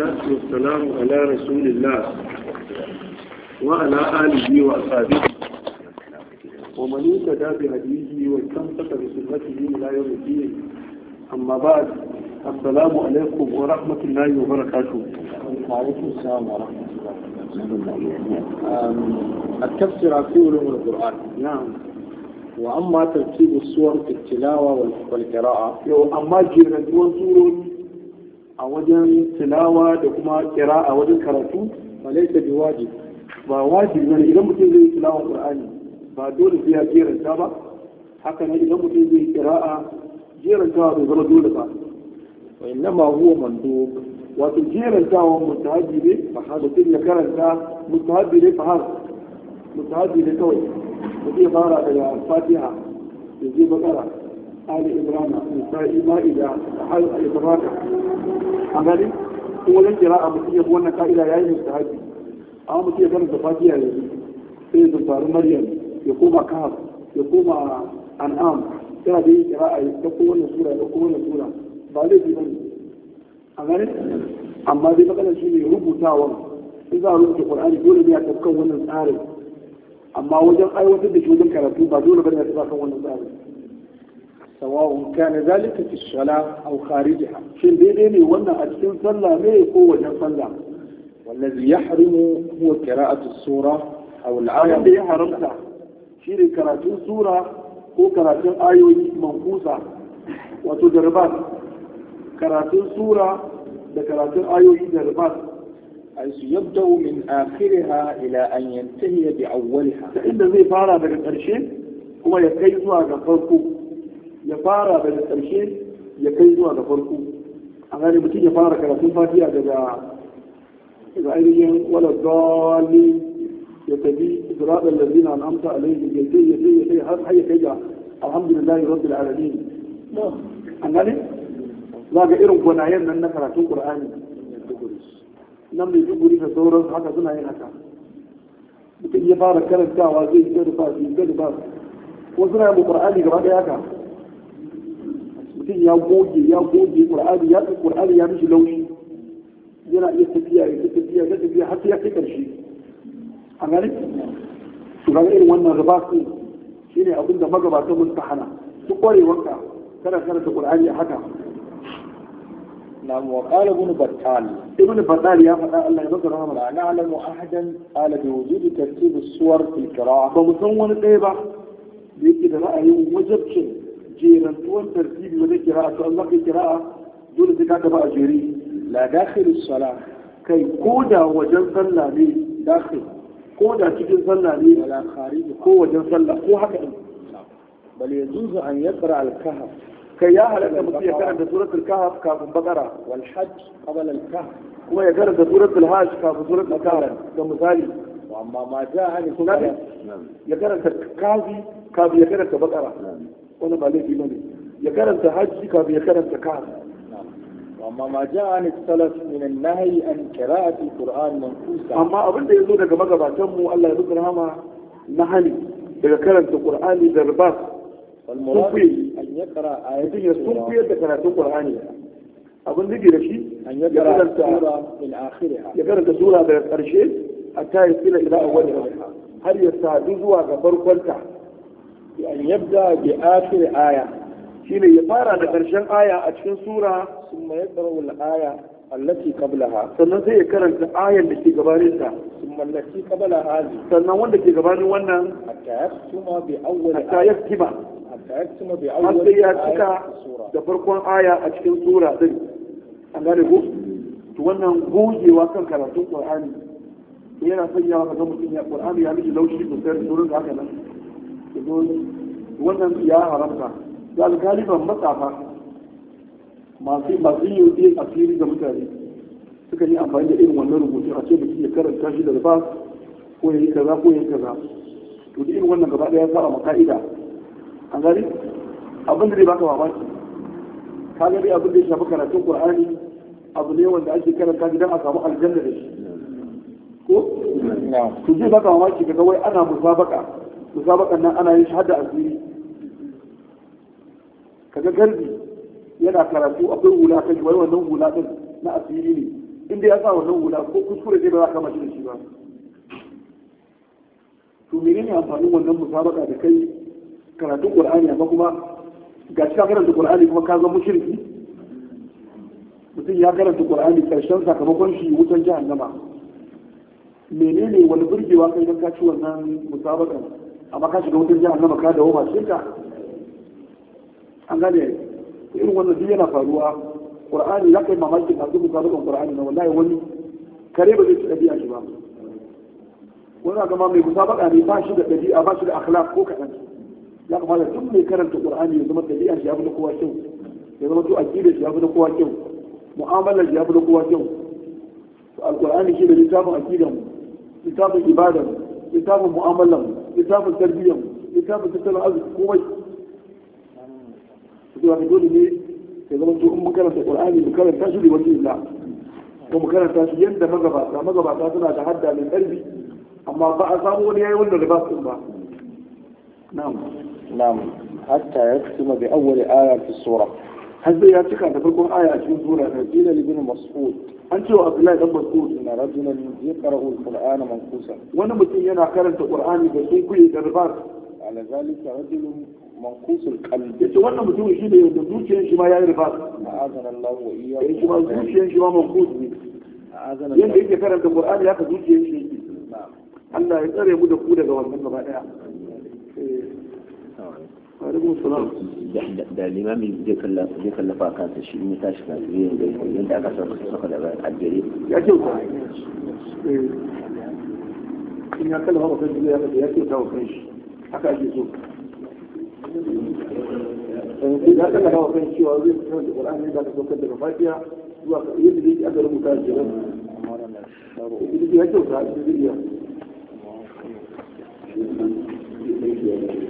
والصلاة والسلام على رسول الله وعلى آله وأصحابه ومن اهتدى بهديه واستمسك بسنته إلى يوم الدين أما بعد السلام عليكم ورحمة الله وبركاته وعليكم السلام ورحمة الله التفسير في علوم القرآن نعم وأما ترتيب الصور في التلاوة والقراءة أما جيرة وزور a wajen tilawa da kuma kira a wajen karatu ba laisa waje. ba wajibi ne idan mutum zai tilawa qur'ani ba dole sai ya jeranta ba haka ne idan mutum zai a jeranta bai zama dole ba wa innama huwa mandub wato jerantawa mutahabbi ne fa hada tun ya karanta mutahabbi ne fa har, mutahabbi ne kawai zai fara daga fatiha da zai bakara ali ibrahim nisa'i ma'ida har al-ibrahim amali gani ko wajen kira a mutum ya wannan ka'ida ya yi mustahabi amma mutum ya da fatiha ya yi sai ya zumfari maryam ya koma kahaf ya koma an'am yana da yi kira a yi ta kowane sura ta kowane sura ba zai fi bane a gani amma zai maganar shi ne rubutawa in za a rubuta qur'ani dole ne a tafkan wannan tsarin amma wajen aiwatar da shi wajen karatu ba dole ne a tafkan wannan tsarin sawa'un kana zalika fi shala aw kharijiha shin daidai ne wannan a cikin sallah ne ko wajen sallah wallazi yahrimu huwa qira'atu sura aw al-ayat da ya haramta shine karatun sura ko karatun ayoyi mankusa wato darbat karatun sura da karatun ayoyi darbat حيث يبدأ من آخرها إلى أن ينتهي بأولها فإن ذي فارا بك الشيء هو يكيزها كفركم ya fara daga ƙarshe ya kai zuwa ga farko a gane mutum ya fara karatun fatiha daga daga ainihin wala dali ya tafi siratal ladina an'amta alaihim ya sai ya sai ya sai har ya kai ga alhamdulillahi rabbil alamin an gane za ga irin gwanayen nan na karatun qur'ani nan mai duguri da sauran haka suna yin haka mutum ya fara karantawa zai yi gadi ba zai gadi ba wasu na yin qur'ani gaba ɗaya haka يا بودي يا بودي القرآن يا القرآن يا مش لوني جينا يتبيا يتبيا يتبيا حتى يكبر شيء أعرف سبحان الله وانا غباقي شيء أظن ده ما غباقي من تحنا تقولي وقع كذا كذا القرآن يا حكا نعم وقال ابن بطال ابن بطال يا فتاة الله يذكر رحمه الله نعلم أحدا قال بوجود ترتيب الصور في القراءة فمسون قيبة بيكي دلائه وجب شيء جيرا والترتيب وذي قراءة الله في قراءة دون ذكاة بقى لا داخل الصلاة كي كودا وجن صلى لي داخل كودا تجن صلى لي ولا خارج كو وجن صلى كو هكذا بل يجوز أن يقرأ الكهف كي ياهل أن مطيع كان سورة الكهف كافن بقرة والحج قبل الكهف هو يقرأ سورة الهاج كافن سورة الكهف كمثالي وأما ما جاء عن الكهف يقرأ كافي كافي يقرأ نعم wani ba laifi bane ya karanta hajji kafin ya karanta kahf amma ma ja an salaf min an-nahyi an qira'ati al-qur'an manqusa amma abin da yazo daga magabatan mu Allah ya bi rahama nahani daga karanta qur'ani da ribat والمراد أن يقرأ آية يستنفي ذكرات القرآن أظن ذكر شيء أن يقرأ سورة من آخرها يقرأ سورة بالأرشيد حتى يصل إلى أولها هل يستعجزها كفر كنتها an yabda bi akhir aya shine ya fara da karshen aya a cikin sura summa yaqra'u al-aya allati qablaha sannan sai ya karanta ayar da ke gabanin ta summa allati qablaha sannan wanda ke gabanin wannan hatta yaktuma bi awwal hatta yaktuma hatta yaktuma bi awwal hatta ya cika da farkon aya a cikin sura din an gane ko to wannan gogewa kan karatun qur'ani yana sanyawa ga mutum ya qur'ani ya miji laushi sosai da sauran haka nan su wannan ya haramta da galiban matsafa masu masu yi a fili ga mutane suka yi amfani da irin wannan rubutu a ce da ya karanta shi da ba ko ya yi kaza ko ya yi kaza to da irin wannan gaba ɗaya za a maka'ida an gari abin da zai baka mamaki ka gari abin da ya shafi karatun qur'ani abu ne wanda ake karanta gidan a samu aljanna da shi ko to zai baka mamaki ga kawai ana musabaka musabakan nan ana yin shi hada asiri kaga garbi yana karatu akwai hula kan wani wannan hula din na asiri ne inda ya sa wannan hula ko kuskure zai ba za ka shi da shi ba to mene ne amfanin wannan musabaka da kai karatun qur'ani amma kuma ga shi ka karanta qur'ani kuma ka zama mushriki mutum ya karanta qur'ani karshen sakamakon shi wutan jahannama menene wani burgewa kai don ka ci wannan musabakan amma ka shiga wutar jihar nama ka dawo masu shirka an gane irin wannan duk yana faruwa qur'ani za ka yi mamaki masu musabakan qur'ani na wallahi wani kare ba zai ci ɗabi'a shi ba wani ma mai musabaka ne ba shi da ɗabi'a ba shi da akhlaq ko kaɗan ya kamata duk mai karanta qur'ani ya zama ɗabi'a shi ya fi na kowa kyau ya zama to aqidar shi ya fi na kowa kyau mu'amalar shi ya fi na kowa kyau alqur'ani shi da littafin aqidan littafin ibadan littafin mu'amalar نتابة تربية نتابة تتلع عزب كوي فتلع تقول لي إيه؟ إذا أنت أم كانت القرآن مكانا تاشو لوجه الله ومكانا تاشو يندى مغبا مغبا تاتنا تحدى من قلبي أما بعثه ولي أي ولا لباس أمبا نعم نعم حتى يختم بأول آية في السورة هل بيأتيك أن تفرقون آية في سورة نزيلة لبن مصفوط an cewa abdullahi dan mas'ud na rajulan yaqra'u al-qur'ana manqusa wani mutum yana karanta qur'ani da sun da ribar ala zalika rajulun manqusul qalb yace wannan mutum shi ne yanzu zuciyar shi ma yayi ribar ma'azana Allah wa iyyahu shi ma zuciyar shi ma manqus ne yanda yake karanta qur'ani haka zuciyar shi Allah ya tsare mu da ku daga wannan gaba daya alaikum salam da limami zai kallafa kansa shi ne tashi na zai zai yadda aka saka saka da aljere ya ce ku in ya kallafa wa kansa ya kallafa ya ce ta wa kanshi haka ake so ya kallafa wa kanshi cewa zai fitar da ƙwararren ne da aka saukar daga fatiya zuwa yadda zai aka rubuta da jiran ya kyauta a cikin zuriya Thank you.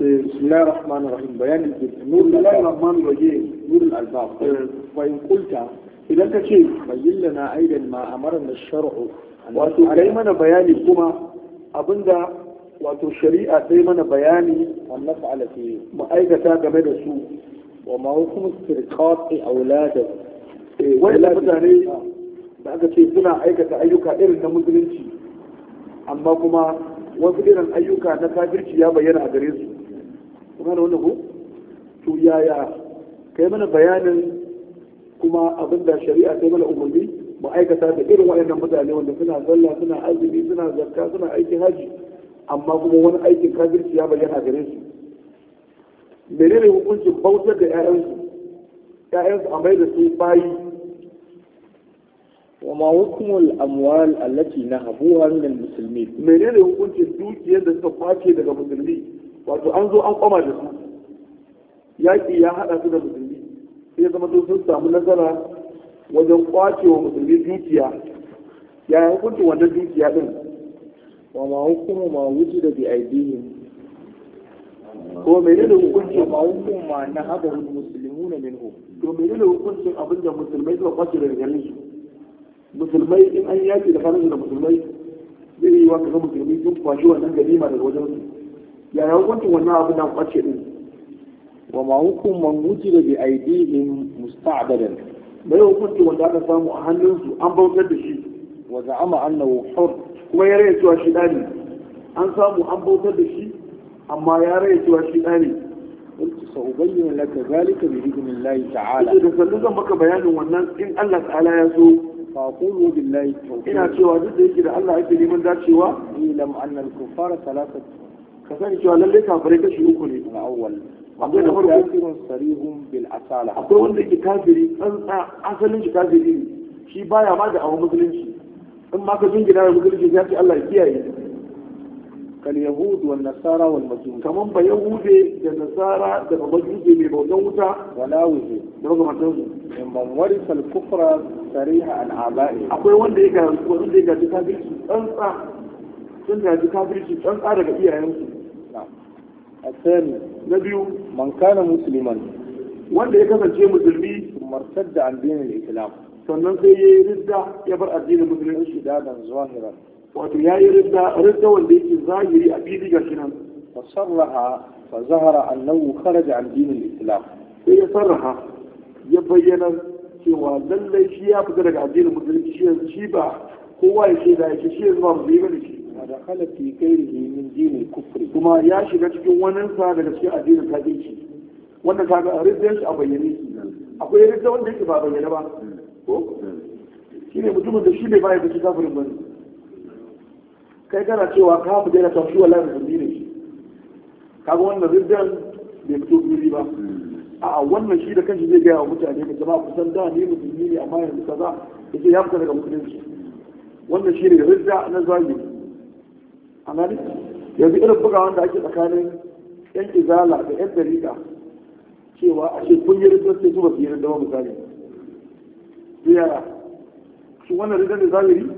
بسم الله الرحمن الرحيم بيان نور الله الرحمن الرحيم نور الألباب فإن قلت إذا كشيء بين لنا أيضا ما أمرنا الشرع wato kai mana bayani kuma abinda wato shari'a sai mana bayani wannan fa'ala ce mu aikata game da su wa ma hukum istirqaqi auladan eh wai mutane da aka ce suna aikata ayyuka irin na musulunci amma kuma wasu irin ayyuka na kafirci ya bayyana a gare su kuma da wani ko to yaya kai mana bayanin kuma abin da shari'a ta mana umarni mu aikata da irin waɗannan mutane wanda suna sallah suna azumi suna zakka suna aikin haji amma kuma wani aikin kafirci ya bayyana gare su menene hukuncin bautar da su. 'ya'yansu a mai da su bayi ma hukumul amwal allati nahabuha min almuslimin menene hukuncin يكون da suka kwace daga musulmi. wato an zo an koma da su yaƙi ya haɗa su da musulmi sai zama su sun samu nasara wajen kwace wa musulmi dukiya ya hukunta wannan dukiya din wa ma hukumu ma wuce da bi aidihi ko mene ne hukuncin ma hukumu ma na haɗa musulmi na minhu to mai ne hukuncin abin da musulmai suka kwace daga garin su musulmai in an yaƙi da farin da musulmai zai yi wa kaga musulmi sun kwashi wannan ganima daga wajen su yana hukuncin wannan abu nan kwace din wa ma hukum man wujida bi aidihim musta'badan bai hukunci wanda aka samu a hannunsu an bautar da shi wa za'ama annahu hur kuma ya rage cewa shi dani an samu an bautar da shi amma ya rayya cewa shi dani قلت سأبين لك ذلك بإذن الله تعالى. إذا سلزم بك بيان والناس إن الله تعالى يسوع فأقول بالله التوفيق. إن أشوا جد إذا الله يكرم ذات شوا. إعلم أن الكفار ثلاثة ka sani cewa lalle kafirai kashi uku ne na awwal akwai na farko kafirun sarihun bil asala akwai wanda yake kafiri tsantsa asalin shi kafiri ne shi baya ma da awon musulunci in ma ka jingina da musulunci ya ce Allah ya kiyaye kal yahud wal nasara wal majus kaman ba yahude da nasara da ba majuse mai bautan wuta wala wuce da ba kamar tansu man warisa al kufra sariha al aba'i akwai wanda ya yake wanda yake kafirci tsantsa sun gaji kafirci tsantsa daga iyayensu الثاني نبي من كان مسلما wanda ya kasance musulmi martar da addinin islam sannan sai ya yi ridda ya bar addinin musulmi shi da dan zahira wato ya yi ridda ridda wanda yake zahiri a bibi ga shi nan fa sarraha fa zahara annahu kharaja an dinin islam sai ya sarraha ya bayyana cewa lallai shi ya fita daga addinin musulmi shi yanzu shi ba kowa ya shaida da ce shi yanzu ba musulmi bane shi ودخل في غيره من دين الكفر Kuma ya shiga cikin wannan sa da cikin addinin kafirci wanda kaga rizqin shi a bayyane akwai rizqin wanda yake ba bayyane ba ko shine mutumin da shi ne baya da kafirin bane kai kana cewa ka fi daina tafi wallahi musulmi ne shi kaga wannan rizqin bai fito fili ba a wannan shi da kanshi zai gaya wa mutane ka jama'a kusan da ne musulmi ne amma yanzu kaza yace ya fita daga musulunci wannan shi ne rizqa na zalimi a yanzu irin bugawan da ake tsakanin yan izala da yan dariƙa cewa a ce kun yi rikin sai zuwa fiye da wani misali ziyara su wannan rikin da zahiri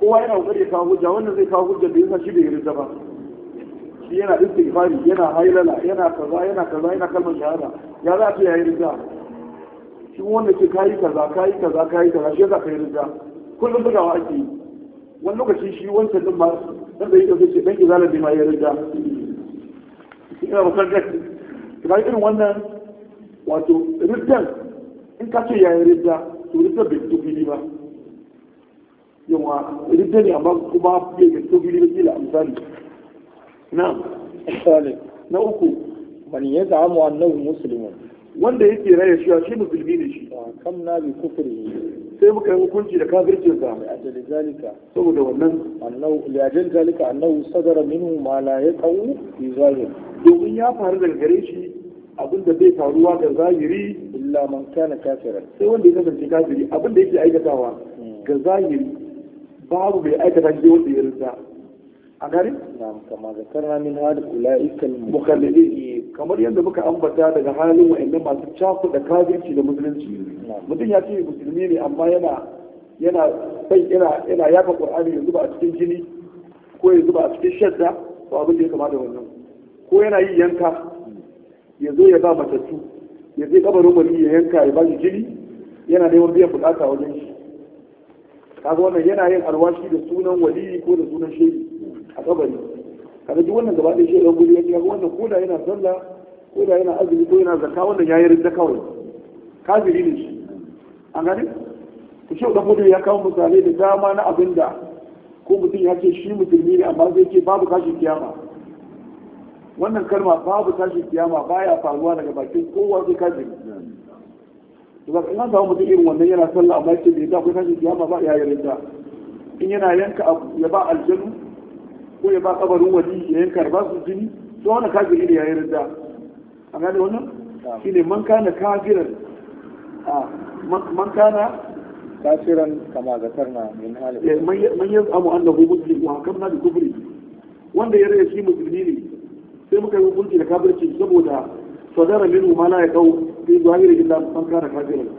kowa yana kokari ya kawo hujja wannan zai kawo hujja da yasa shi da yarda ba shi yana istighfari yana hailala yana kaza yana kaza yana kalmar shahada ya za a yi yayi riga shi wanda ke kayi kaza kayi kaza kayi kaza shi yasa kai riga kullum bugawa ake yi wani lokacin shi wancan din ma dan da yake ce dan izalar bi ma ya rida ina bakar da kuma irin wannan wato riddan in ka ce yayin ridda to riddan bai fito fili ba yawa ridda ne amma kuma bai fito fili ba kila amsali na na uku man ya za'amu annahu muslimun wanda yake raya shi shi musulmi ne shi kam na bi kufri sai muka yi hukunci da kafircin sa ajali zalika saboda wannan annahu li ajali zalika annahu sadara minhu ma la yaqau fi zahir domin ya faru daga gare shi abinda zai faruwa ga zahiri illa man kana kafira sai wanda ya kasance kafiri abinda yake aikatawa hmm. ga zahiri babu mai aikata shi wanda ya rinsa a gari na kama zakarna min hadu ula'ikal mukallidin kamar yadda muka ambata daga halin wa'annan masu cakuɗa kafirci da musulunci mutum ya ce musulmi ne amma yana yana bai yana yana yafa qur'ani ya zuba a cikin jini ko ya zuba a cikin shadda ko abin da ya kamata wannan ko yana yi yanka ya zo ya ba matattu ya zai kabarin wani ya yanka ya ba shi jini yana neman biyan bukata wajen shi kaga wannan yana yin alwashi da sunan wali ko da sunan shehi a kabari kada duk wannan gaba ɗaya shi ɗan guri ya ga wannan ko da yana sallah ko da yana azumi ko yana zakka wannan ya yi rinda kawai kafiri ne shi an gani ku shi ɗan guri ya kawo misali da dama na abin da ko mutum ya ce shi musulmi ne amma zai ce babu kashin kiyama wannan kalma babu tashin kiyama baya faruwa daga bakin kowa sai kafiri da in an samu mutum irin wannan yana sallah amma yake bai da akwai tashin kiyama ba ya yi rinda in yana yanka ya ba aljanu ko ya ba kabarin wani ya yanka ba su jini to wani kafiri ne yayin ridda an gane wannan ne man kana kafiran a man kana kafiran kama zakarna min halin eh, man yaz'amu annahu muslim wa hakamna bi kubri wanda ya rage shi musulmi ne sai muka yi hukunci da kafirci saboda sadara minhu ma la yaqau fi zahiri illa man kana kafiran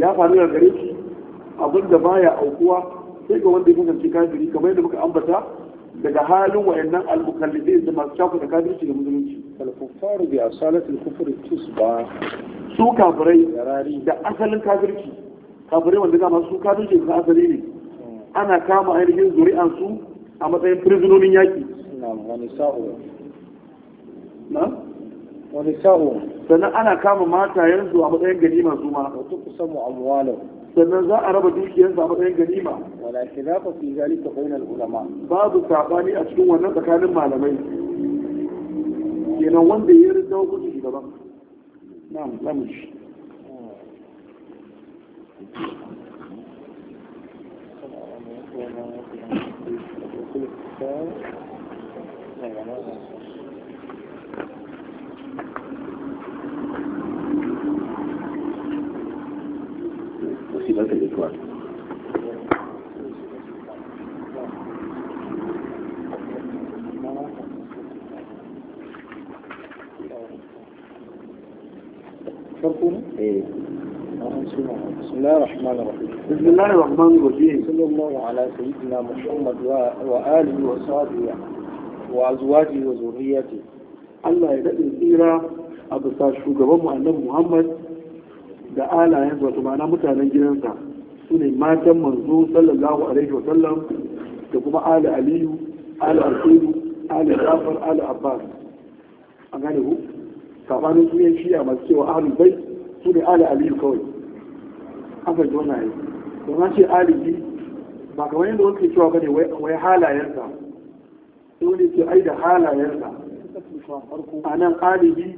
ya faru da gare shi abinda baya aukuwa sai ga wanda ya kasance kafiri kamar yadda muka ambata daga halin wayannan al-mukallidin da masu shafa da kafirci da musulunci al-kuffaru bi asalatil kufr tusba su kafirai da asalin kafirci kafirai wanda dama su kafirci da asali ne ana kama ainihin zuri'an su a matsayin prisonin yaki wani sa'o na wani sa'o sannan ana kama matayen su a matsayin gani su ma sannan za a raba dukiyar sa matsayin ganima wala khilafa fi zalika bainal ulama babu sabani a cikin wannan tsakanin malamai kenan wanda ya rinda hukunci shugaban na'am zamu shi Thank you. في ذلك الإسلام إيه. بسم الله الرحمن الرحيم بسم الله الرحمن الرحيم صلى الله على سيدنا محمد وآله وصحبه وأزواجه وذريته الله يدعي daɗin أبو a bisa shugabanmu annan da alayen wato ma'ana mutanen gidansa su ne matan manzo sallallahu alaihi wa sallam da kuma ala aliyu ala al'udu ala jafar ala abbas a gane ku sabanin su yan shiya masu cewa ahlul bai su ne ala aliyu kawai an fahimci wannan ayi to na ce bi ba kamar yadda wani ke cewa ne wai halayensa sai wani ce ai da halayensa a nan bi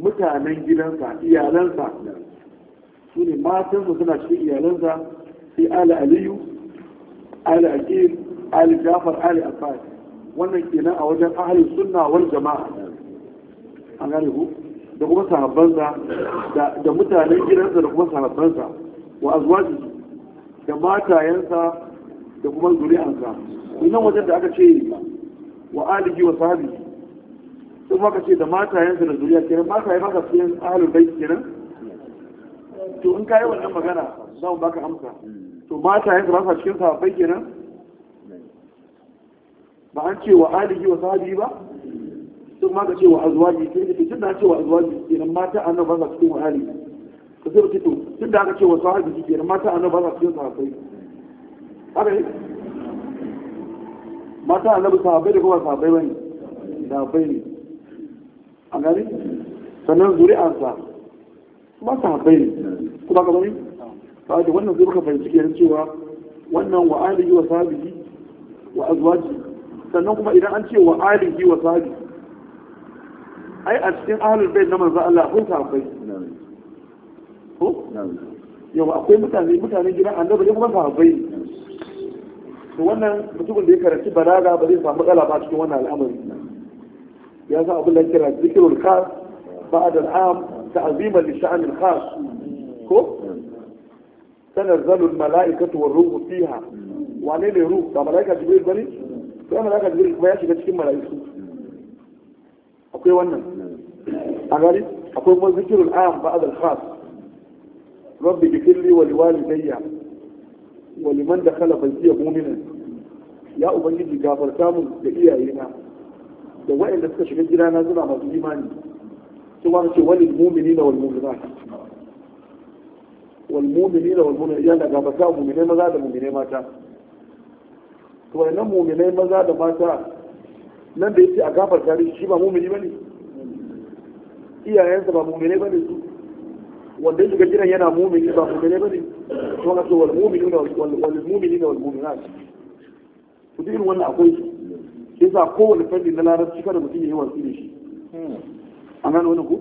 mutanen gidansa iyalansa su ne su suna cikin iyalansa sai ali aliyu ali aqil ali jafar ali abbas wannan kenan a wajen ahli sunna wal jama'a an gane ku da kuma sahabbansa da mutanen gidansa da kuma sahabbansa wa azwaji da matayensa da kuma zuri'ansa wannan wajen da aka ce wa alihi wa sahbihi sun maka ce da matayensa da zuriya kenan matayen haka cikin ahlul bait kenan to in kayi wannan magana za mu baka amsa to mata yanzu ba sa cikin sahabbai kenan ba an ce wa alihi wa sahabi ba sun ma ka ce wa azwaji ke da tun da ce wa azwaji kenan mata annan ba sa cikin wa alihi ka sai ce to tun da aka ce wa sahabi kenan mata annan ba sa cikin sahabbai haka ne mata annabi sahabbai da kuma sahabbai bane sahabbai ne a gari sannan zuri'ansa ba sahabbai ne kuma ga wani ba da wannan zai muka fahimci kenan cewa wannan wa alihi wa sahbihi wa azwaji sannan kuma idan an ce wa alihi wa sahbihi ai a cikin ahlul bait na manzo Allah akwai sahabbai ko yau akwai mutane mutane gidan annabi ne kuma sahabbai to wannan mutumin da ya karanci balaga ba zai samu matsala ba cikin wannan al'amari ya sa abin da ya kira zikirul khas ba'd al'am ta'ziman li sha'n al-khas ko tanazzalu mala'ika war-ruhu fiha wane ne ruhu ba malaika jibril bane sai malaika jibril kuma ya shiga cikin malaiku akwai wannan a gari akwai kuma zikirul am ba azal khas rabbi ighfirli wa liwalidayya wa liman dakhala baytiya mu'minan ya ubangiji gafarta mu da iyayena da waɗanda suka shiga gidana zuwa masu imani sun wani ce walil mu'minina wal mu'minat walmumini da walmumini yana gabata muminai maza da muminai mata to nan muminai maza da mata nan da yake a gafarta da shi ba mumini bane iyayensa ba muminai bane su wanda yake gidan yana mumini ba muminai bane to ga to wal mu'minu wal da mu'minu to din wannan akwai shi yasa kowane fadi na larabci kada mutum ya yi watsi da shi an gano wannan ku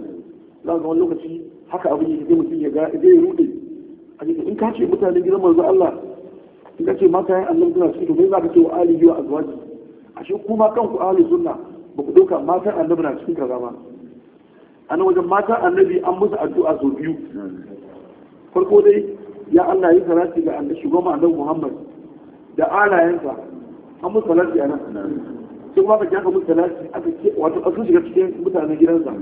za ga wani lokaci haka abin yake mutum ya ga zai rude in ka ce mutane gidan manzo Allah in ka ce mata yan annabi suna cikin to za ka ce wa alihi wa azwaji ashe kuma kanku ahli sunna ba ku dauka matan annabi na cikin kaza ba na wajen matan annabi an musu addu'a sau biyu farko dai ya Allah yi salati ga annabi shugaban annabi Muhammad da alayensa an musu salati anan sai kuma ka ji aka musu salati aka ce wato a sun shiga cikin mutanen gidansa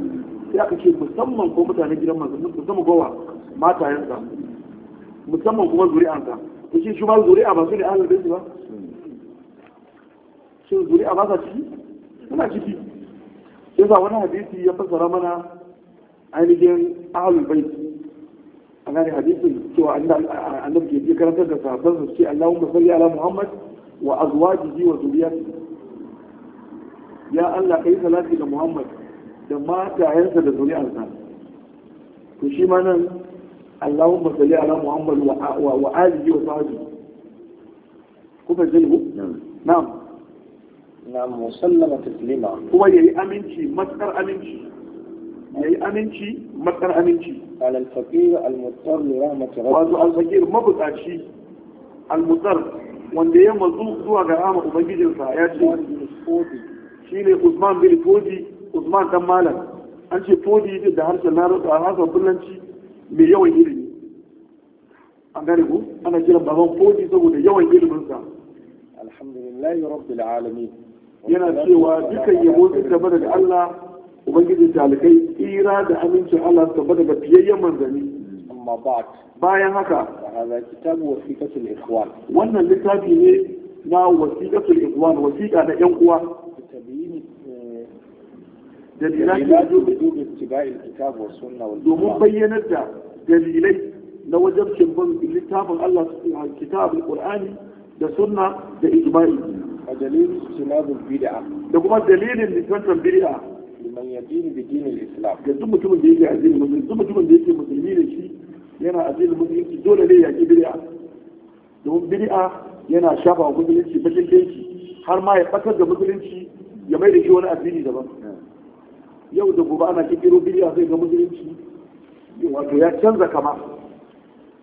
sai aka ce musamman ko mutanen gidan manzo musamman gowa matayensa musamman kuma zuri'ansa to shi shi ma zuri'a ba su ne ahlul baiti ba shin zuri'a ba sa ciki suna ciki yasa wani hadisi ya fassara mana ainihin ahlul baiti a gane hadisi cewa annabi ke karantar da sahabban su ce Allahumma salli ala Muhammad wa azwajihi wa zuriyatihi ya Allah kai salati ga Muhammad da matayensa da zuriyarsa to shi ma nan اللهم صل على محمد وآله وصحبه كيف يجلبه؟ نعم نعم وسلم تسليما هو يلي أمنتي مسكر أمنتي يلي أمنتي مسكر أمنتي على الفقير المضطر لرحمة ربه وهذا الفقير ما شيء المضطر wanda ya mazu zuwa ga rama ubangijinsa ya ce shi ne usman bin fodi usman dan malam an ce fodi da harshen larabci a harshen bulanci mai yawan ilimi an garibu ku ana jiran baban fodi saboda yawan iliminsa alhamdulillahi rabbil alami yana cewa duka yabo su gaba daga Allah ubangiji talikai tsira da amincin Allah su daga fiyayyen manzanni amma ba bayan haka wannan littafi ne na wasiqatul ikhwan wasiqa na yan uwa dalilai domin bayyanar da dalilai na wajen kimbin littafin Allah su kitabul Qur'ani da sunna da ijma'i a dalilin sunabul bid'a da kuma dalilin littafin bid'a liman yadini bi dinil islam da duk mutumin da yake addinin musulmi duk mutumin da yake musulmi ne shi yana addinin musulunci dole ne ya ki bid'a domin bid'a yana shafa musulunci bakin kirki har ma ya fatar da musulunci ya mai da shi wani addini daban yau da gobe ana kirkiro bidiya zai ga musulunci wato ya canza kama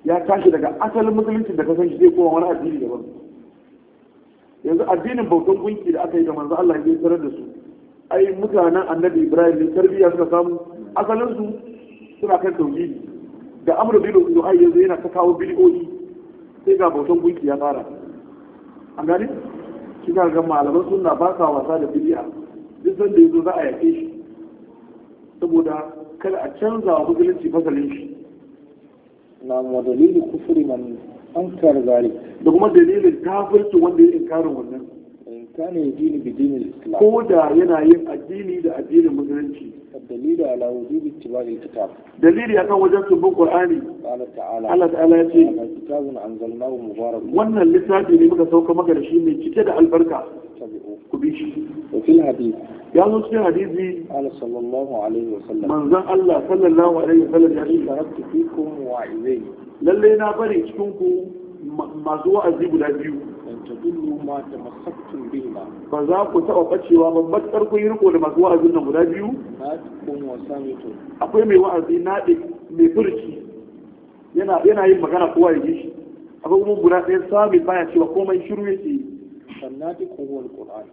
ya tashi daga asalin musulunci da kasan shi zai koma wani addini daban yanzu addinin bautan gunki da aka yi da manzo Allah ya tarar da su ai mutanen annabi Ibrahim ne tarbiyya suka samu asalin su suna kan tauhidi da amru bil du'ai yanzu yana ta kawo bid'o'i sai ga bautan gunki ya fara an gane kina ga malaman sunna ba sa wasa da bid'a duk sanda yazo za a yake shi saboda kada a canza wa musulunci fasalin shi na ma dalilin kufuri man an kar zari da kuma dalilin kafirci wanda ya inkarin wannan kana yadini bi dinin islam ko da yana yin addini da addinin musulunci dalilu ala wujubi ittiba'i kitab dalili akan wajen sun bin qur'ani Allah ta'ala Allah ta'ala ya ce kitabun anzalnahu mubarak wannan littafi ne muka sauka maka da shi mai cike da albarka tabi'u shi wafil hadith ya hadisi sallallahu alaihi wa sallam manzon Allah sallallahu alaihi wa sallam ya rika rakki fikum wa na bari cikin masu wa'azi guda biyu dan ta dullu ta masaktun bihima ba za ku taba bacewa ba matsar kun yi da masu wa'azi guda biyu na cikin wasanito akwai mai wa'azi na mai furki yana yin magana kowa ya ji shi akwai guda ɗaya sami baya cewa komai shiru yake sannan ta kowar ƙur'ani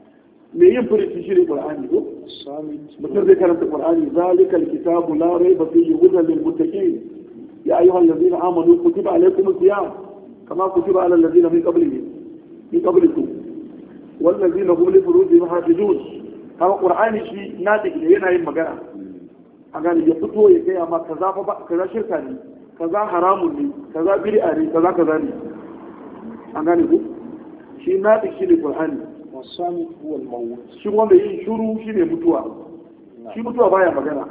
me yin furici shi ne qur'ani ko mutum zai karanta qur'ani zalikal kitabu la raiba fihi hudan lil muttaqin ya ayyuhal lazina amanu kutiba alaykumus siyam kama kutiba alal ladzina min qablikum min qablikum wal ladzina hum li furujihim hafizun kama qur'ani shi na da yana yin magana a gane ya fito ya kai amma kaza fa kaza shirka ne kaza haramun ne kaza bid'a ne kaza kaza ne an gane ku shi na da shi ne qur'ani wasamit huwa al shi wanda yin mutuwa shi mutuwa baya magana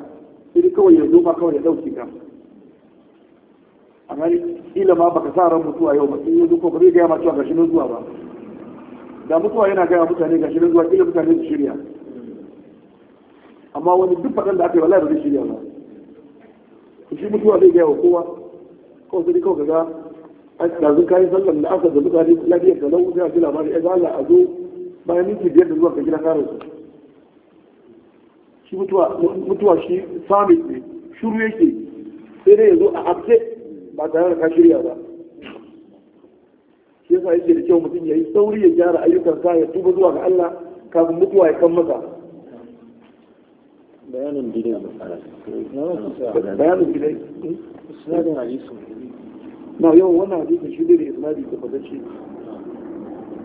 sai kawai ya zo kawai ya ka amma ma baka sa ran mutuwa yau ba in yanzu ko ba zai gashi nan zuwa ba da mutuwa yana mutane gashi nan zuwa kila mutane su shirya amma wani duk da aka yi wallahi ba zai shirya ba shi mutuwa zai kowa kawai sai kawai yanzu sallar da aka da mutane lafiyar da sai a ji labari ya eh, zala a zo bayan minti biyar da zuwa ga gida kare su shi mutuwa shi sami shuru yake sai dai yanzu a abse ba tare da kashirya ba shi yasa yake da kyau mutum ya yi sauri ya gyara ayyukansa ya tuba zuwa ga Allah kafin mutuwa ya kan bayanin bidai bayanin gidan isnadin hadisi na yau wannan hadisi shi ne da isnadi da fadace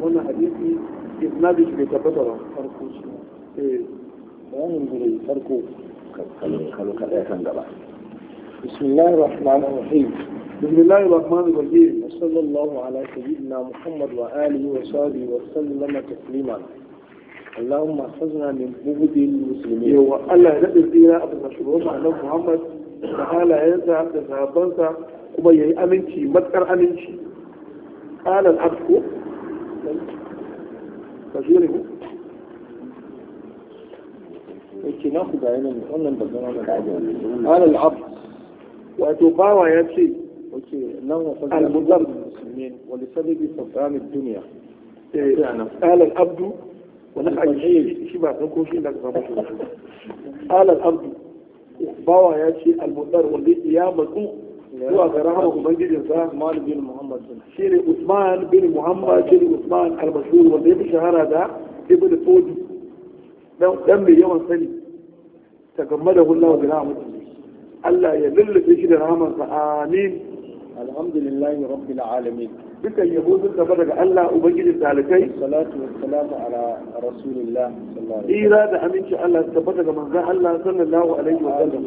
wannan hadisi isnadi bai tabbata ba farko shi eh. bayanin da yi farko kalu kada kan gaba bismillahir rahmanir rahim bismillahir rahmanir rahim sallallahu alaihi wa sallam muhammad wa alihi wa sahbihi wa sallama taslima اللهم احفظنا من بغض المسلمين والله لا تزينا ابو مشروع على محمد تعالى يزع عبد الزهبانسا وما يأمنك مدقر أمنك قال العبد kafiru yake na ku bayan nan wannan da zama da ala wato bawa ya ce wace nan wasan al-muzar wa li sababi safran shi ba san ko shi da ka samu shi ala bawa ya ce al-muzar ya matsu zuwa ga rahama ubangijinsa Usman bin Muhammad shi ne Usman bin Muhammad shi ne Usman al-Mashhur wanda ya fi shahara da Ibn Fodi dan mai yawan sani ta gammada hullahu bi rahmatihi Allah ya lullube shi da rahamansa amin alhamdulillahi rabbil alamin dukkan yabo sun tafi daga Allah ubangijin talikai salatu wassalamu ala rasulillah sallallahu da aminci Allah tafi daga manzon Allah sallallahu alaihi wa sallam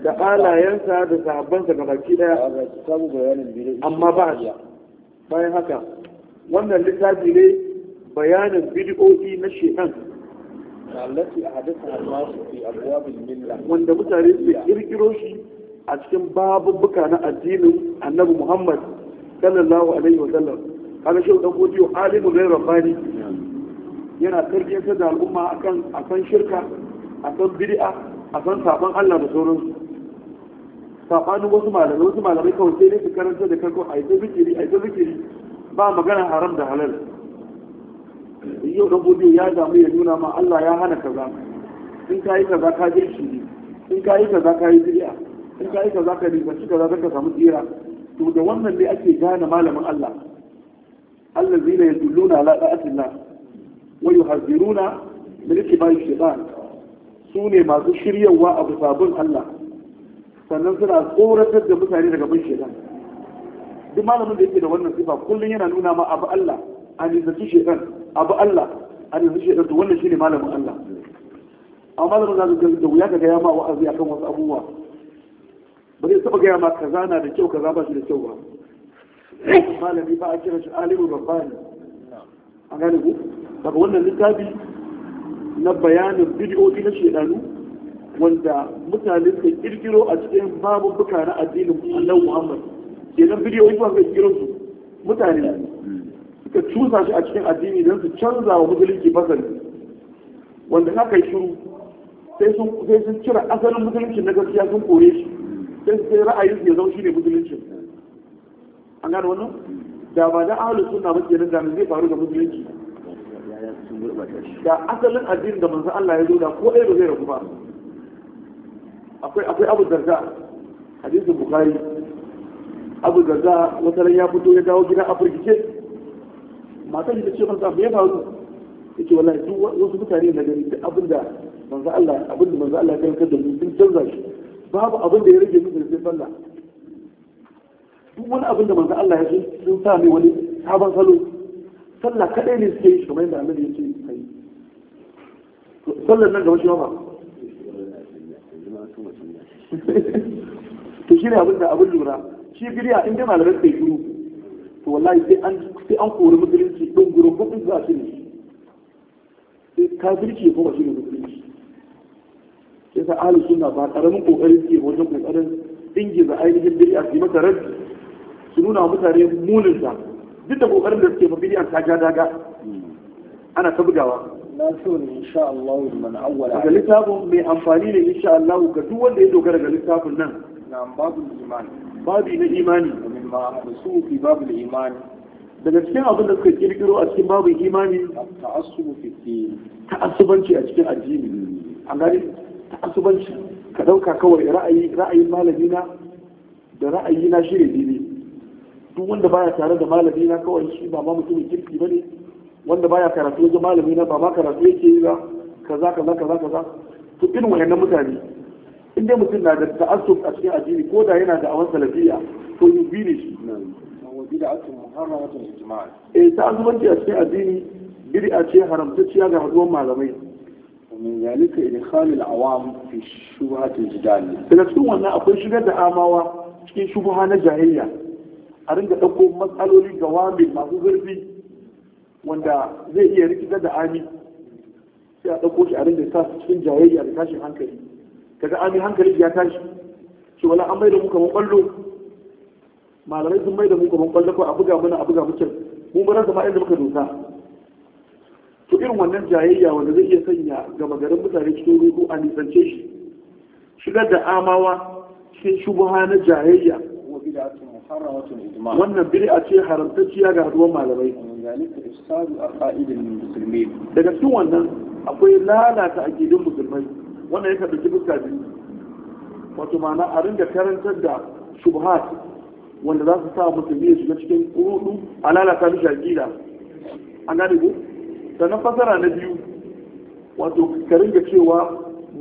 da alayansa da sahabbansa ga baki daya amma ba bayan haka wannan littafi ne bayanin bid'o'i na shekan wanda mutane الناس في shi a cikin تعرف في كيرو شيء أتكلم باب sallallahu alaihi wa sallam kaga shehu dan godiyo alimu zai rabbani yana tarbiyyar da al'umma akan akan shirka akan bid'a akan sabon Allah da sauransu sabanin wasu malamai wasu malamai kawai sai dai su karanta da kanko a yi ta zikiri a zikiri ba magana haram da halal yau dan godiyo ya damu ya nuna ma Allah ya hana kaza in ka yi kaza ka je shi in ka yi kaza ka yi bid'a in ka yi kaza ka ribanci kaza ka samu tsira to da wannan ne ake gane malamin Allah Allah zina ya dulluna ala da'atillah wa yuhazziruna min ittiba'i shaytan su ne masu shiryawa abu sabon Allah sannan suna tsoratar da mutane daga bin shaytan duk malamin da yake da wannan sifa kullum yana nuna ma abu Allah an yanzu shaytan abu Allah an yanzu shaytan to wannan shine malamin Allah amma malamin da da wuya kaga ya ma wa'azi akan wasu abubuwa ba zai taba gaya ma kaza na da kyau kaza ba shi da kyau ba malami ba a kira shi alimu rabbani a gane ku daga wannan littafi na bayanin bidiyoyi na shedanu wanda mutane suka kirkiro a cikin buka na addinin annabi muhammad kenan bidiyoyi ba suka kirkiro su mutane suka cusa shi a cikin addini don su canza wa musulunci fasali wanda haka yi shiru sai sun cire asalin musulunci na gaskiya sun kore shi sai sai ra'ayin ya zama shine musulunci an gano wannan da ba da ahlus sunna ba kenan da zai faru ga musulunci da asalin addinin da manzo Allah ya zo da ko ɗaya ba zai rabu ba akwai akwai Abu Darda hadisin Bukhari Abu Darda wata ran ya fito ya dawo gida a furgice matan ta ce masa me ya faru yake wallahi duk wasu mutane na gari duk abinda manzo Allah abinda manzo Allah ya karkar da mu sun canza shi babu abin da ya rage musu da sallah duk wani abin da manzo Allah ya ce sun sa mai wani sabon salo sallah kadai ne suke yi kamar yadda annabi ya ce kai sallar nan gaba shi ba to shi ne abin da abin lura shi bidiya in dai malamai sai shiru to wallahi sai an sai an kori musulunci don gurin hukun za shi ne sai kafirci ko ba shi ne musulunci sai sa ahlus suna ba karamin kokarin ke wajen kokarin dingiza ainihin bid'a su mata raddi su nuna wa mutane munin sa duk da kokarin da suke ma bid'a ta ja daga ana ta bugawa nasirun insha Allah man awwala ga littafin mai amfani ne insha Allah ga duk wanda ya dogara ga littafin nan na babu imani babu na imani min ma su fi babu imani daga cikin abin da suka kirkiro a cikin babu imani ta'assubu fi ta'assubanci a cikin addini an gani asubanci ka ɗauka kawai ra'ayi ra'ayin malamina da ra'ayina shi ne daidai duk wanda baya tare da malamina kawai shi ba ma mutumin kirki ba ne wanda baya karatu wajen malamina ba ma karatu yake yi ba kaza kaza kaza kaza to irin wayannan mutane in dai mutum na da ta'assub a cikin addini ko da yana da awan salafiya to yi bi ne shi eh a cikin addini bid'a ce haramtacciya ga haduwan malamai ومن ذلك إدخال العوام في شبهة الجدال تلسون وانا أقول شغل آماوا في شبهة نجاهية أرنك أقول مسألة جواب ما هو غربي وانا زي إيه ركي دا آمي sai a ɗauko shi a rinda sa cikin jayayya da tashin hankali kaga an hankali ya tashi shi wala an bai da mu kwallo malamai sun bai da mu kaman a buga mana a buga mu mu bar da ma inda muka dosa to irin wannan jayayya wanda zai iya sanya gaba garin mutane cikin ruhu a nisance shi shigar da amawa cikin shubuha na jayayya wannan a ce haramtacciya ga haduwar malamai daga cikin wannan akwai lalata a gidan musulmai wannan ya ɗauki fuska biyu wato ma'ana a ringa karantar da shubuha wanda za su sa musulmi ya shiga cikin ƙuruɗu, a lalata mishi gida. an gane ku sannan fasara na biyu wato karin da cewa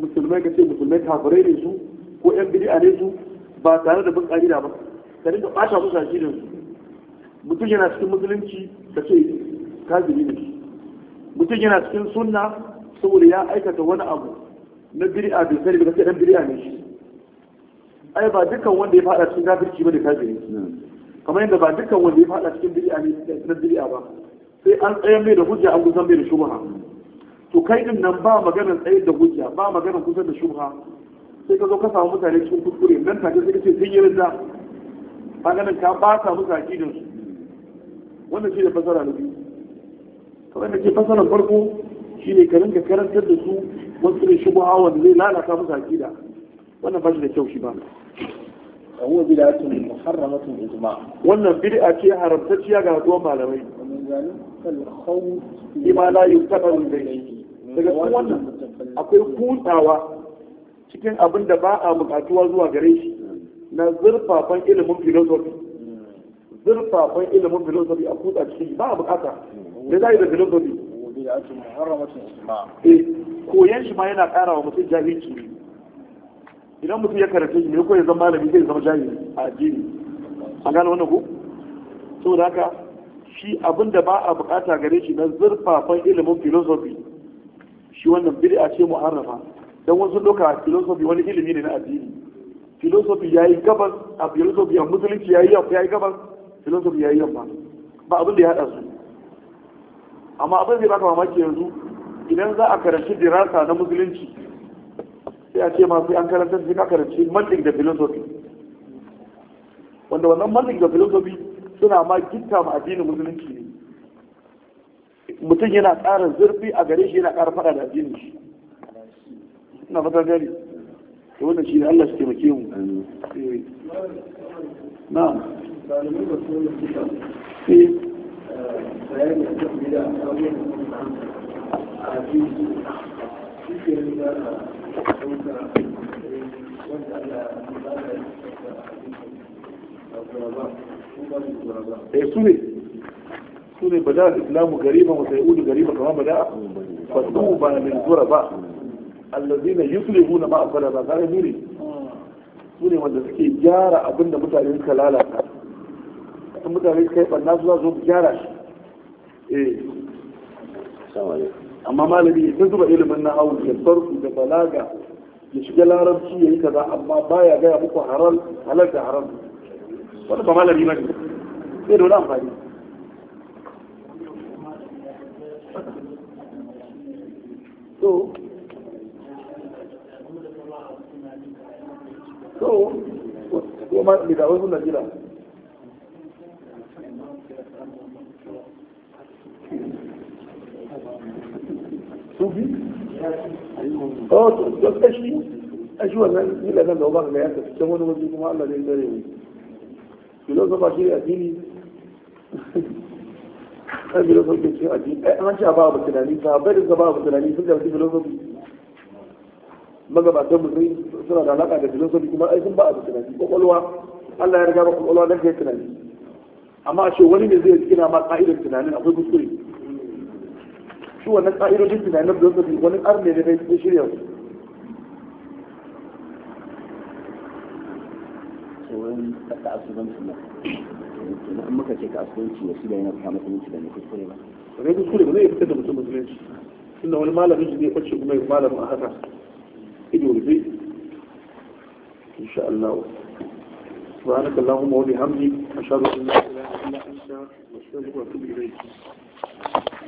musulmai ka ce musulmai kafirai ne su ko yan bid'a ne su ba tare da bin ƙa'ida ba karin da ɓata musu ajiyar su mutum yana cikin musulunci ka ce kafiri ne mutum yana cikin sunna saboda ya aikata wani abu na bid'a bai sani ba ka ce dan bid'a ne shi ai ba dukkan wanda ya fada cikin kafirci da kafiri hmm. kamar yadda ba dukkan wanda ya fada cikin bid'a ne na bid'a ba sai an tsayar mai da hujja an kusan mai da shubha to kai din nan ba maganar tsayar da hujja ba maganar kusan da shubha sai ka zo ka samu mutane cikin kuskure nan take sai kace ce sun yi rinda maganar ka ba ta musu aƙidin su wannan shi da fasara na biyu kamar da ke fasarar farko shi ne ka rinka karantar da su wasu ne shubha wanda zai lalata musu aƙida wannan ba shi da kyau shi ba فهو بدعة محرمة إجماع وانا بدعة هي حرمت شيء قاعد وما لوي ومن ذلك الخوف بما لا يقتضى به daga cikin wannan akwai hutawa cikin abin da ba a bukatuwa zuwa gare shi na zurfafan ilimin filosofi zurfafan ilimin filosofi a kuta cikin ba a bukata da za yi da filosofi koyan shi ma yana kara wa mutum jahilci idan mutum ya karatu ne ko ya zama malami zai zama jahili a addini an gane wannan ko saboda haka shi abin da ba a bukata gare shi na zurfafan ilimin philosophy shi wannan bid'a ce muharrafa dan wasu doka philosophy wani ilimi ne na addini philosophy yayi gabas a philosophy a musulunci yayi yayi gabas philosophy yayi yamma ba abin da ya hada su amma abin da baka mamaki yanzu idan za a karanci dirasa na musulunci sai a ce masu sai an karanta sai ka karanci mantik da filosofi wanda wannan mantik da filosofi suna ma gitta ma addinin musulunci ne mutum yana ƙara zurfi a gare shi yana ƙara faɗa da addinin shi ina fata gari to wannan shi ne Allah shi taimake mu eh. na'am eh. bayani eh su ne su ne bada islamu gariba wa sai'udu gariba kama bada fadu ba min zura ba allazina yuslihuna ma afala ba zara nuri su ne wanda suke gyara abin da mutane suka lalata in mutane suka yi barna su za su gyara shi eh amma malami ya zuba ilimin na hawu ya sarku da balaga ya shiga larabci ya yi kaza amma baya gaya muku haram halal da haram wani ba malami ba ne sai da wani amfani so so ko ma da wasu na jira sufi oh to a wani ne a ba abu tunani ai tunani amma a ce wani ne zai shi wannan ƙa'idojin su na annabi Yusuf wani ƙarni ne bai shirya su tsoron kasa asubanci na in muka ce ka asubanci wasu da yana fita musulunci da ne kuskure ba ne kuskure ba zai fitar da mutum musulunci tunda wani malamin shi zai kwace kuma malamin a haka ido rufe insha Allah سبحانك اللهم وبحمدك أشهد أن لا إله إلا أنت وأستغفرك وأتوب إليك